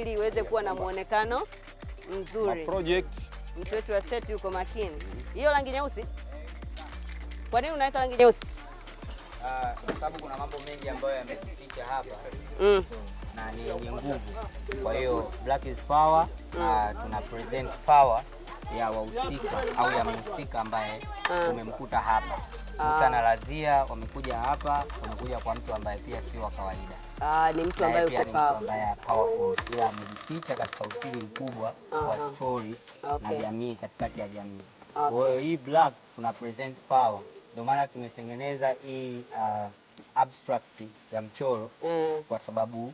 ili iweze kuwa na muonekano mzuri. Mtu wetu wa seti yuko makini. Hiyo rangi nyeusi, kwa nini unaweka rangi nyeusi? Ah, kwa sababu kuna mambo mengi ambayo yameficha hapa mm. na ni yenye nguvu. Kwa hiyo black is power mm. na tuna present power ya wahusika au ya mhusika ambaye ah. umemkuta hapa. Musa na Razia wamekuja hapa, wamekuja kwa mtu ambaye pia sio wa kawaida. Ah, ni mtu ambaye uko powerful, yeye amejificha katika usiri mkubwa wa story na jamii, katikati ya jamii. Kwa hiyo hii black tuna present power, ndio maana tumetengeneza hii uh, abstract ya mchoro mm. kwa sababu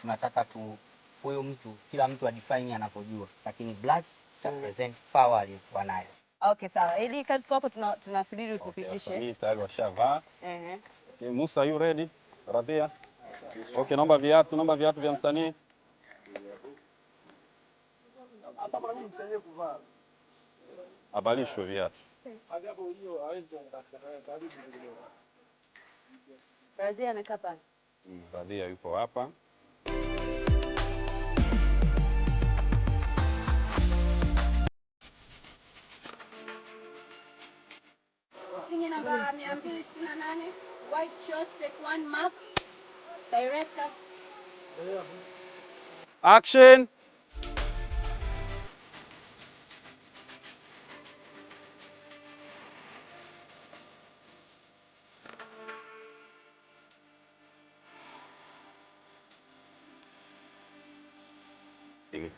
tunataka tu huyu mtu kila mtu adefine anapojua, lakini black ta mm. present power aliyokuwa nayo Okay, sawa. Ili kazi kwako tunasubiri ukupitishe. Okay, hii tayari washavaa. Eh. Okay, Musa you ready? Rabia. Okay, naomba viatu, naomba viatu vya msanii. mimi msanii kuvaa. Abalisho viatu. Hapo hiyo karibu Rabia anakaa pale. Mm, Rabia yupo hapa. white shirt, take one mark, director. Action!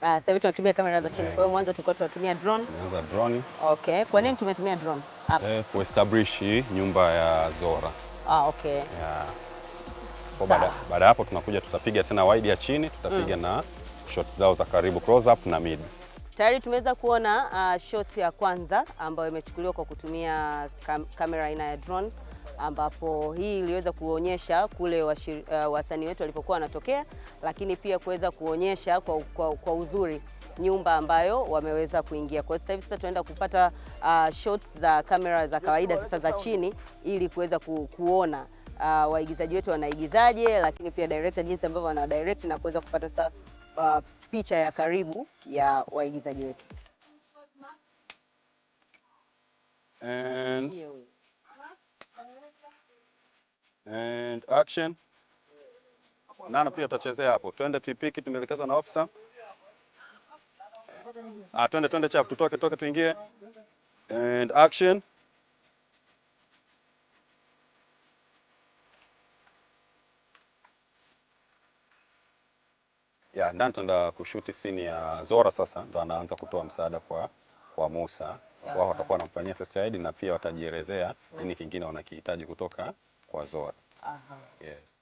Ah, sasa hivi tunatumia kamera za chini. Kwa hiyo mwanzo tulikuwa tunatumia drone. Tunaanza drone. Okay. Kwa nini tumetumia drone? Ah. Eh, establish nyumba ya Zora. Ah, okay. Yeah. Baada baada hapo tunakuja tutapiga tena wide ya chini, tutapiga mm. na shot zao za karibu close up na mid. Tayari tumeweza kuona uh, shot ya kwanza ambayo imechukuliwa kwa kutumia kam kamera aina ya drone ambapo hii iliweza kuonyesha kule uh, wasanii wetu walipokuwa wanatokea, lakini pia kuweza kuonyesha kwa, kwa, kwa uzuri nyumba ambayo wameweza kuingia. Kwa sasa hivi sasa tunaenda kupata uh, shots za kamera za kawaida sasa za chini ili kuweza ku, kuona uh, waigizaji wetu wanaigizaje, lakini pia director jinsi ambavyo wana direct na kuweza kupata sasa uh, ah, picha ya karibu ya waigizaji wetu And and action. Nana pia atachezea hapo, twende tuipiki, tumeelekezwa na officer. Ah, twende twende chap, tutoke toke tuingie and action. Ya, ndani tunaenda kushuti sini ya Zora sasa ndo anaanza kutoa msaada kwa kwa Musa. Wao watakuwa wanamfanyia first aid na pia watajielezea nini kingine wanakihitaji kutoka Quazor. uh uh-huh. Yes.